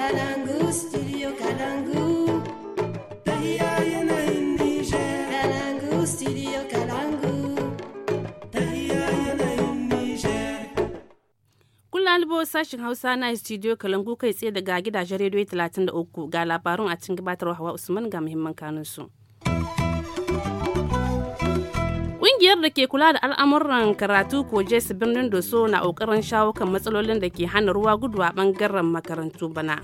Kalangu, studio albo sashin Hausa na studio Kalangu kai tsaye daga gidajen rediyo 33 ga labarun a cikin gabatarwa Hawa Usman ga muhimman kanunsu. Cibiyar da ke kula da al'amuran karatu ko Jes birnin Doso na ƙoƙarin shawo kan matsalolin da ke hana ruwa gudu a bangaren makarantu bana.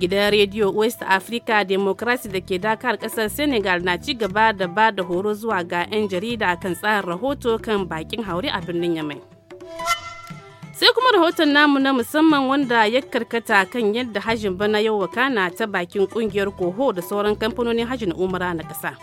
Gidan rediyo West Africa Democracy da ke dakar kasar Senegal na ci gaba da ba da horo zuwa ga 'yan jarida kan tsarin rahoto kan bakin haure a birnin Yamai. Sai kuma rahoton namu na musamman wanda ya karkata kan yadda hajjin bana yau wakana ta bakin kungiyar koho da sauran kamfanonin hajjin umara na ƙasa.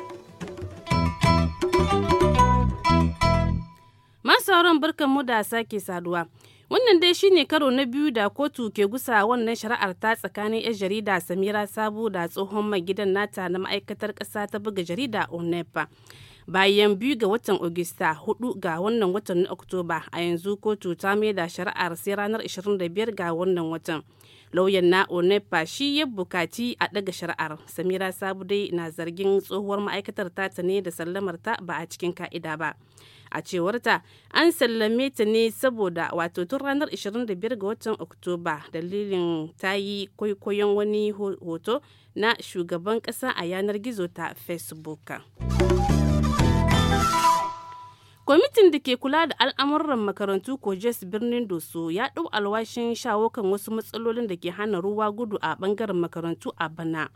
sauran barkan mu da sake saduwa. Wannan dai shine karo na biyu da kotu ke gusa wannan shari'ar ta tsakanin 'yan jarida Samira sabu da tsohon mai gidan nata na ma'aikatar ƙasa ta buga jarida Onepa. Bayan biyu ga watan Agusta hudu ga wannan watan na Oktoba a yanzu kotu ta da shari'ar sai ranar 25 ga wannan watan. lauyan na onepa shi ya bukaci a daga shari'ar samira sabu dai na zargin tsohuwar ma'aikatar ta ne da sallamar ta ba a cikin ka'ida ba a cewarta an sallame ta ne saboda wato tun ranar 25 ga watan oktoba dalilin ta yi kwaikwayon wani hoto na shugaban kasa a yanar gizo ta facebook kwamitin da ke kula da al'amuran makarantu kojes birnin doso ya ɗau alwashin shawo kan wasu matsalolin da ke hana ruwa gudu a ɓangaren makarantu a bana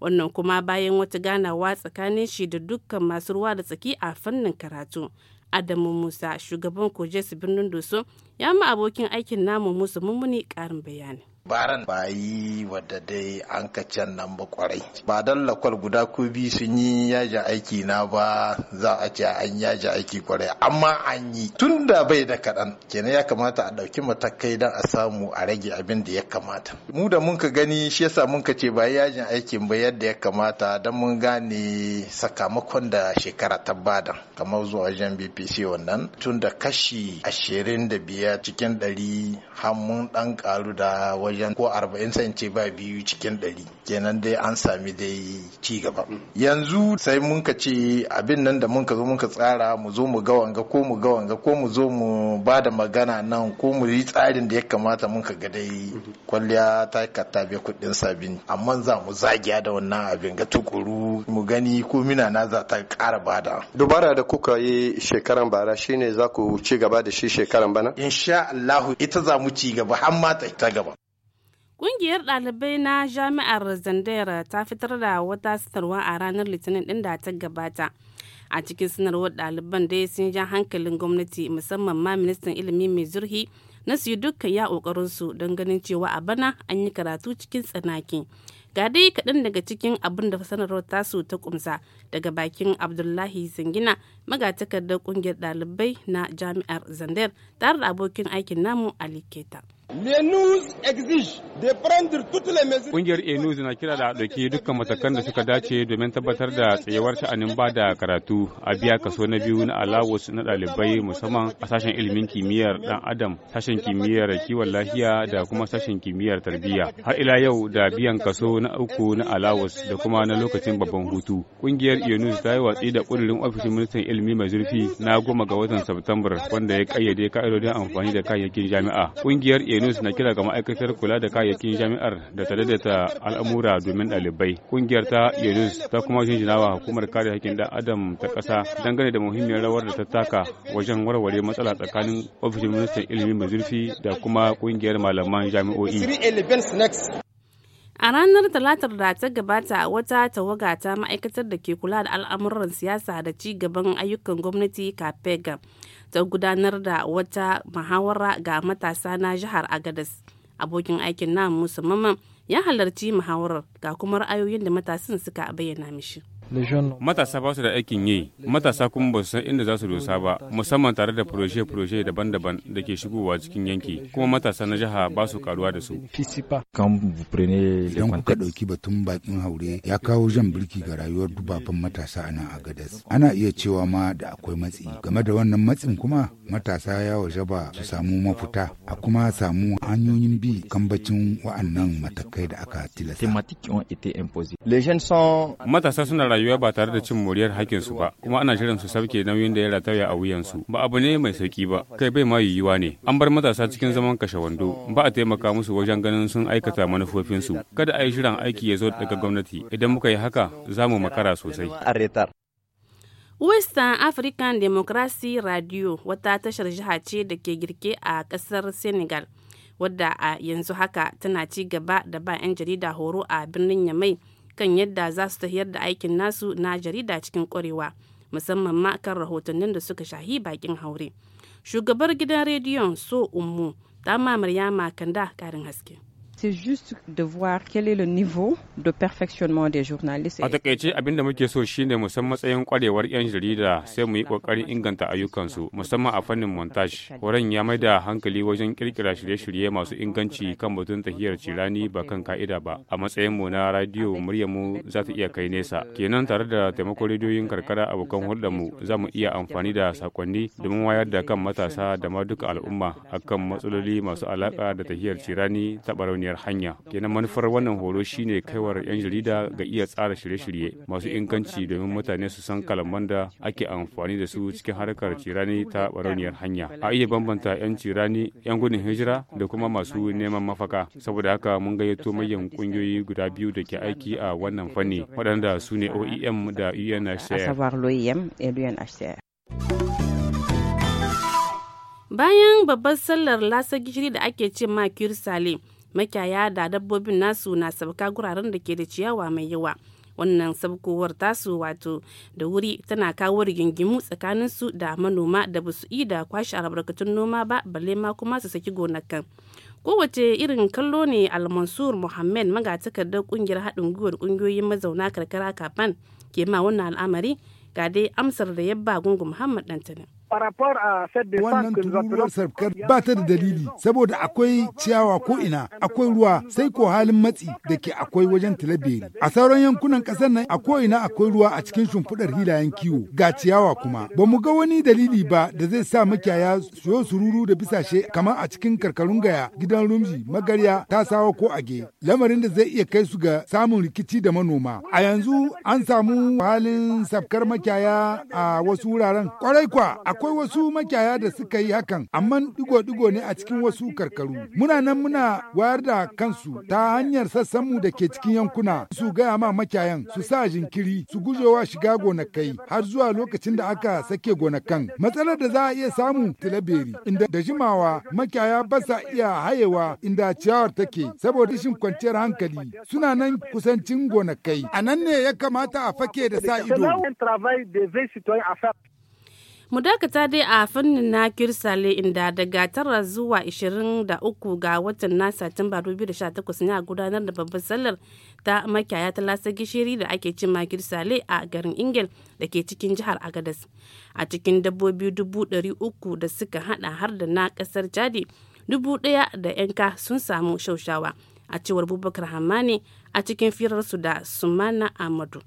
wannan kuma bayan wata ganawa tsakanin shi da dukkan masu ruwa da tsaki a fannin karatu adamu musa shugaban kojes birnin doso ya ma abokin aikin namu Musa mummuni ƙarin bayani baran ba yi wadda dai an ka can nan ba kwarai ba dan lakwal guda ko biyu sun yi yaji aiki na ba za a ce an yaji aiki kwarai amma an yi tun da bai da kaɗan kenan ya kamata a ɗauki matakai don a samu a rage abin da ya kamata mu da mun ka gani shi yasa mun ka ce ba yajin aikin ba yadda ya kamata don mun gane sakamakon da shekara ta bada kamar zuwa wajen bpc wannan tun da kashi ashirin da biyar cikin ɗari har mun ɗan ƙaru da wajen wajen ko arba'in sai ba biyu cikin ɗari kenan dai an sami dai ci gaba mm. yanzu sai mun ka ce abin nan da mun ka zo mun ka tsara mu zo mu ga wanga ko mu ga wanga ko mu zo mu ba da magana nan ko mu yi tsarin da ya kamata mun ka ga dai mm-hmm. kwalliya ta katta bai kuɗin sabin amma za mu zagiya da wannan abin ga tukuru mu gani ko mina na za ta ƙara bada dubara da kuka yi shekaran bara shine za ku ci gaba da shi shekaran bana insha Allah ita za mu ci gaba har ma ta gaba Ƙungiyar ɗalibai na Jami'ar Zandera ta fitar da wata sanarwa a ranar Litinin ɗin da ta gabata. A cikin sanarwar ɗaliban dai sun ja hankalin gwamnati musamman ma ministan ilimi mai zurhi na su yi dukkan ya su don ganin cewa a bana an yi karatu cikin tsanaki. Ga dai kaɗan daga cikin abin da sanarwar tasu ta kumsa daga bakin Abdullahi Zangina magatakardar ƙungiyar ɗalibai na Jami'ar Zandar tare da abokin aikin namu Ali Keta. Ƙungiyar Enuz na kira da ɗauki dukkan matakan da suka dace domin tabbatar da tsayewar sha'anin ba da karatu a biya kaso na biyu na alawus na ɗalibai musamman a sashen ilimin kimiyyar ɗan adam, sashen kimiyyar kiwon lafiya da kuma sashen kimiyyar tarbiyya. Har ila yau da biyan kaso na uku na alawus da kuma na lokacin babban hutu. Ƙungiyar Enuz ta yi watsi da ƙudurin ofishin ministan ilimi mai zurfi na goma ga watan Satumbar wanda ya ƙayyade ka'idodin amfani da kayayyakin jami'a. Ƙungiyar Enuz Yunus na kira ga ma'aikatar kula da kayayyakin jami'ar da ta daidaita al'amura domin ɗalibai. Kungiyar ta Yunus ta kuma wa hukumar kare hakkin ɗan adam ta ƙasa dangane da muhimmiyar rawar da ta taka wajen warware matsala tsakanin ofishin ministan ilimi mai zurfi da kuma kungiyar malaman jami'o'i. A ranar Talatar da ta gabata wata tawaga ta ma'aikatar da ke kula da al'amuran siyasa da ci gaban ayyukan gwamnati kafega ta gudanar da wata muhawara ga matasa na jihar Agadas. Abokin aikin na musamman ya halarci muhawarar ga kuma ra'ayoyin da matasan suka bayyana mishi. Matasa ba su da aikin yi, matasa kuma ba su san inda za su dosa ba, musamman tare da furoshe-furoshe daban-daban da ke shigowa cikin yanki, kuma matasa na jiha ba su karuwa da su. Idan kuka ɗauki batun bakin haure ya kawo jan birki ga rayuwar dubafan matasa a nan a Ana iya cewa ma da akwai matsi. Game da wannan matsin kuma matasa ya waje ba su samu mafuta, a kuma samu hanyoyin bi kambacin wa'annan matakai da aka tilasta. Matasa suna rayuwa ba tare da cin moriyar su ba kuma ana shirin su sauke nauyin da ya rataya a wuyansu ba abu ne mai sauki ba kai bai ma yiwuwa ne an bar matasa cikin zaman kashe wando ba a taimaka musu wajen ganin sun aikata manufofinsu kada a yi shirin aiki ya zo daga gwamnati idan muka yi haka za mu makara sosai Western African Democracy Radio wata tashar jiha ce da ke girke a kasar Senegal, wadda a yanzu haka tana ci gaba da ba 'yan jarida horo a birnin Yamai kan yadda za su tafiyar da aikin nasu na jarida cikin ƙwarewa musamman ma kan rahotannin da suka shahi bakin haure shugabar gidan rediyon so ummu ta ma kanda karin haske c'est juste de voir quel est le niveau de perfectionnement des journalistes. A takaice abin da muke so shine mu san matsayin kwarewar 'yan jarida sai mu yi kokarin inganta ayyukansu musamman a fannin montage. Horon ya mai da hankali wajen kirkira shirye-shirye masu inganci kan batun tahiyar cirani ba kan ka'ida ba. A matsayin mu na radio muryar mu za ta iya kai nesa. Kenan tare da taimakon rediyoyin karkara abokan hulɗar mu za mu iya amfani da sakonni domin wayar da kan matasa da ma duka al'umma akan matsaloli masu alaka da tahiyar cirani ta barauniya. yarjejeniyar hanya kenan manufar wannan horo shine kaiwar 'yan jarida ga iya tsara shirye-shirye masu inganci domin mutane su san kalaman da ake amfani da su cikin harkar cirani ta barauniyar hanya a iya bambanta 'yan cirani 'yan gudun hijira da kuma masu neman mafaka saboda haka mun gayyato manyan kungiyoyi guda biyu da ke aiki a wannan fanni waɗanda su ne oem da unhcr e bayan babbar sallar lasa gishiri da ake ce ma kirsale makiyaya da dabbobin nasu na sabka guraren da ke da ciyawa mai yawa wannan sabkowar tasu wato da wuri tana kawo rigingimu tsakanin su da manoma da basu su da kwashe albarkatun noma ba balle ma kuma su saki gonakan kowace irin kallo ne almansur muhammed magatakardar kungiyar haɗin gwiwar ƙungiyoyin mazauna karkara kafan ke ma wannan al'amari ga dai amsar da yabba gungun muhammad dantanin Wannan tururuwar sarkar ba ta da dalili saboda akwai ciyawa ko ina akwai ruwa sai ko halin matsi da ke akwai wajen talabiri. A sauran yankunan ƙasar nan a ina akwai ruwa a cikin shimfiɗar hilayen kiwo ga ciyawa kuma. Ba mu ga wani dalili ba da zai sa makiyaya siyo sururu da bisashe kamar a cikin karkarun gaya gidan rumji magarya tasawa ko age lamarin da zai iya kai su ga samun rikici da manoma. A yanzu an samu halin safkar makiyaya a wasu wuraren kwarai kwa Akwai wasu makiyaya da suka yi hakan, amma digo-digo ne a cikin wasu karkaru. Muna nan muna wayar da kansu ta hanyar sassanmu da ke cikin yankuna su gaya ma makiyayan su sa jinkiri su gujewa shiga gonakai har zuwa lokacin da aka sake gonakan. Matsalar da za a iya samu tilaberi inda da jimawa makiyaya ba sa iya hayewa inda ciyawar take saboda rashin kwanciyar hankali suna nan kusancin gonakai. A nan ne ya kamata a fake da sa ido. Mu dakata dai a fannin na Kirsale inda daga tara zuwa 23 ga watan na Satumba 2018 ne a gudanar da babbar sallar ta makiyaya ta lasa gishiri da ake cin Kirsale a garin Ingil da ke cikin jihar Agadas. A cikin dabbobi 300 da suka hada har da na kasar Jadi dubu ɗaya da 'yanka sun samu shaushawa a cewar Bubakar Hamani a cikin firarsu da Sumana Amadu.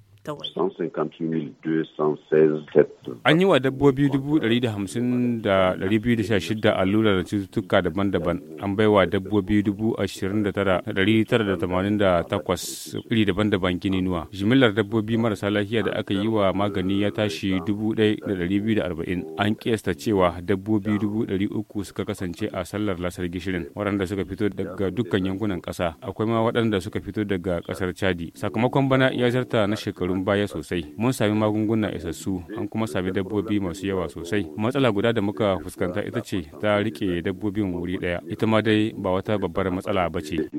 An yi wa dabbobi 250,216 da cututtuka daban-daban, an bai wa dabbobi takwas iri daban-daban gininuwa. Jimillar dabbobi marasa lafiya da aka yi wa magani ya tashi arba'in. An kiyasta cewa dabbobi uku suka kasance a sallar lasar gishirin, waɗanda suka fito daga dukkan yankunan ƙasa. Akwai ma waɗanda suka fito daga ƙasar Chadi. Sakamakon bana ya na shekaru shekarun baya sosai mun sami magunguna isassu an kuma sami dabbobi masu yawa sosai matsala guda da muka fuskanta ita ce ta rike dabbobin wuri daya ita ma dai ba wata babbar matsala ba ce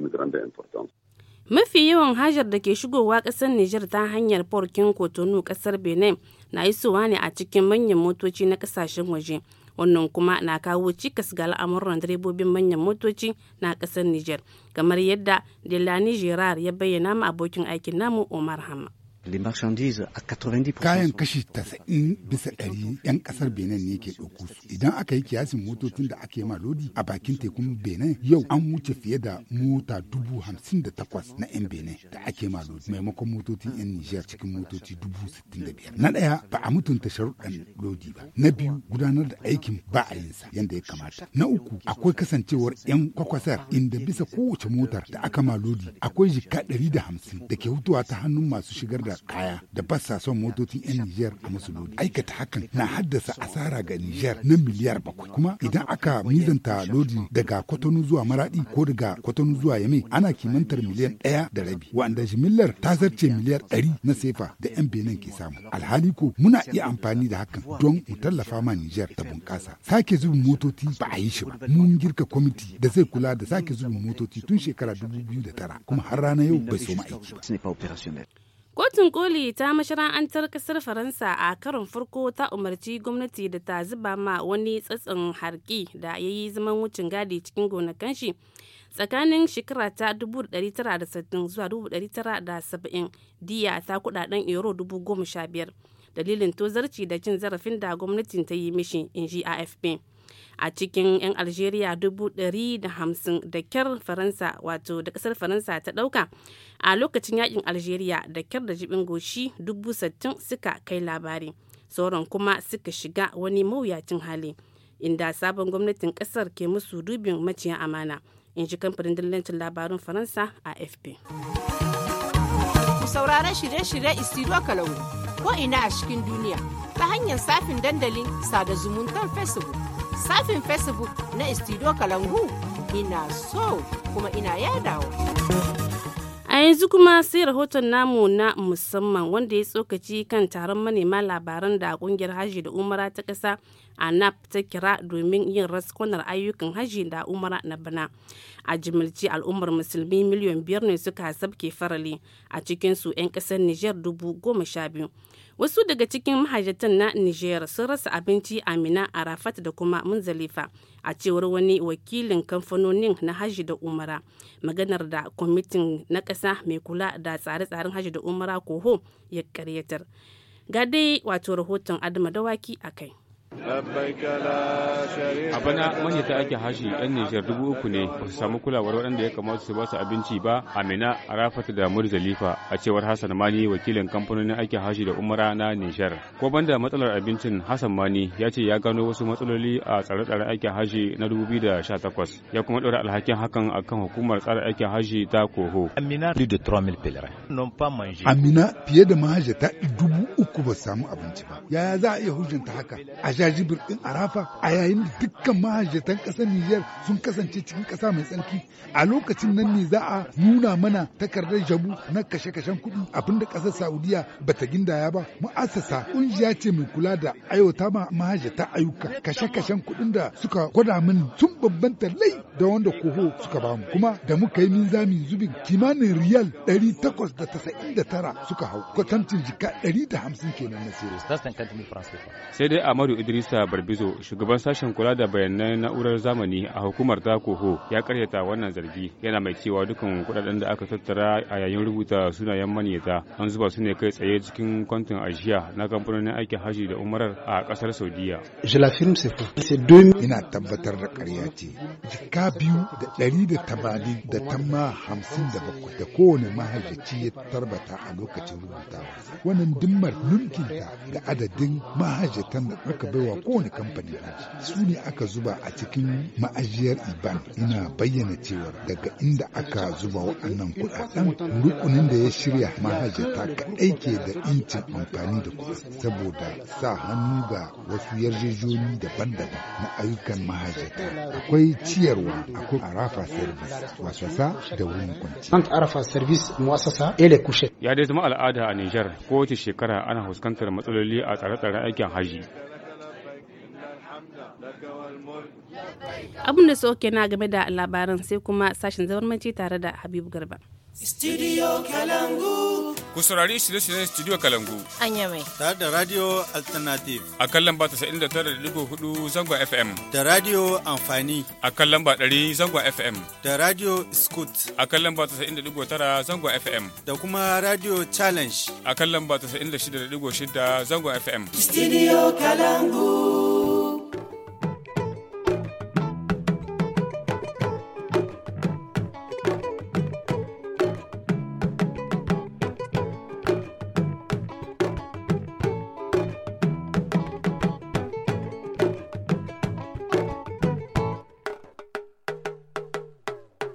mafi yawan hajar da ke shigowa kasar niger ta hanyar porkin kotonu kasar benin na isowa ne a cikin manyan motoci na kasashen waje wannan kuma na kawo cikas ga al'amuran direbobin manyan motoci na kasar Nijar kamar yadda dela Gerard ya bayyana ma abokin aikin namu Omar Hama. Kayan kashi 90 bisa ɗari 'yan ƙasar Benin ne ke ɗauko su. Idan aka yi kiyasin motocin da ake ma lodi a bakin tekun Benin yau an wuce fiye da mota dubu hamsin da takwas na 'yan Benin da ake ma lodi maimakon motocin 'yan Nijar cikin motoci dubu sittin da biyar. Na ɗaya ba a mutunta sharuɗan lodi ba. Na biyu gudanar da aikin ba a yinsa yadda ya kamata. Na uku akwai kasancewar 'yan kwakwasar inda bisa kowace motar da aka ma lodi akwai jika ɗari da hamsin da ke hutuwa ta hannun masu shigar da buga kaya da ba sa motocin 'yan Nijar a Aikata hakan na haddasa asara ga Nijar na miliyar bakwai. Kuma idan aka mizanta lodi daga Kwatano zuwa maraɗi ko daga Kwatano zuwa Yame ana kimantar miliyan ɗaya da rabi. Wanda jimillar ta zarce miliyar ɗari na sefa da 'yan Benin ke samu. Alhali ko muna iya amfani da hakan don mu tallafa ma Nijar ta bunƙasa. Sake zubin motoci ba a yi shi ba. Mun girka kwamiti da zai kula da sake zubin motoci tun shekara dubu biyu da tara. kuma har rana yau bai so ma aiki ba. Kotun koli ta mashara'antar kasar Faransa a karin farko ta umarci gwamnati da ta zuba ma wani tsatsin harki da ya yi zaman wucin gadi cikin gonakan shi tsakanin shekara ta 1960 zuwa 1970 diya ta kudaden euro 15,000 dalilin tozarci da cin zarafin da gwamnatin ta yi mishi in ji AFP. a cikin 'yan algeria 150 da kyar faransa wato da kasar faransa ta dauka a lokacin yakin algeria da kyar da jibin goshi 60 suka kai labari sauran kuma suka shiga wani mawuyacin hali inda sabon gwamnatin kasar ke musu dubin maciya amana in ji kamfanin dillancin labarun faransa a fp sauraron shirye-shirye istiro kalau ko ina a cikin duniya ta hanyar safin dandalin sada zumuntar facebook safin facebook na istido kalangu ina so kuma ina yadawa a yanzu kuma sai rahoton namu na musamman wanda ya tsokaci kan taron manema labaran da kungiyar haji da umara ta ƙasa anap ta kira domin yin raskunar ayyukan hajji da umara na bana a jimilci al'ummar musulmi miliyan biyar ne suka sabke farali a cikinsu 'yan ƙasar niger dubu goma sha biyu wasu daga cikin mahajjatan na niger sun rasa abinci a mina arafat da kuma munzalifa a cewar wani wakilin kamfanonin na hajji da umara maganar da kwamitin na kasa mai kula da tsare-tsaren hajji da umara koho ya karyatar ga dai wato rahoton adama dawaki a kai a bana manyata ake hashi yan nijar dubu uku ne ba su samu kulawar waɗanda ya kamata su ba su abinci ba a amina arafat da murzalifa a cewar hassan mani wakilin kamfanonin ake hashi da umara na nijar ko banda matsalar abincin hassan mani ya ce ya gano wasu matsaloli a tsare-tsaren ake hashi na 2018 ya kuma ɗora alhakin hakan akan hukumar tsara ake hashi ta koho amina fiye da mahajata dubu uku ba su samu abinci ba yaya za a iya hujjanta haka jajibir birkin arafa a yayin da dukkan mahajjatan ƙasar Nijar sun kasance cikin ƙasa mai tsarki a lokacin nan ne za a nuna mana takardar jabu na kashe-kashen kuɗi abinda ƙasar Saudiya ta gindaya ba mu'assasa ƙungiya ce mai kula da aiwata ma mahajjata ayyuka kashe-kashen kuɗin da suka gwada min sun bambanta lai da wanda koho suka bamu kuma da muka yi minzami zubin kimanin riyal 899 suka hau kwatancin jika 150 kenan na sai dai Amadu Idrisa Barbizo, shugaban sashen kula da bayanan na'urar zamani a hukumar ta ya karyata wannan zargi. Yana mai cewa dukkan kuɗaɗen da aka tattara a yayin rubuta sunayen manyata an zuba su ne kai tsaye cikin kwantin ajiya na kamfanonin aikin haji da umarar a ƙasar Saudiya. Ina tabbatar da ƙarya ce. Jika biyu da ɗari da tamanin da tamma hamsin da bakwai da kowane mahajjaci ya tarbata a lokacin rubutawa. Wannan dimmar ninkinta da adadin mahajjatan da aka bai cewa kowane kamfanin haji su ne aka zuba a cikin ma'ajiyar iban ina bayyana cewa daga inda aka zuba waɗannan kuɗaɗen rukunin da ya shirya mahajjata kaɗai ke da incin amfani da kuɗi saboda sa hannu ga wasu yarjejoni daban-daban na ayyukan mahajjata akwai ciyarwa akwai arafa service wasasa da wurin kwanci. An arafa service muwasasa ele kushe. Ya dai zama al'ada a Nijar kowace shekara ana fuskantar matsaloli a tsare-tsaren aikin haji. abin da soke na game da labaran sai kuma sashen zamanci tare da habibu garba studio kalangu ku saurari shirye-shiryen studio kalangu an mai tare da radio alternative a kan lamba 99.4 zangon fm da radio amfani a kan lamba 100 zangon fm da radio scoot a kan lamba 99.9 zangon fm da kuma radio challenge a kan lamba 96.6 zangon fm studio kalangu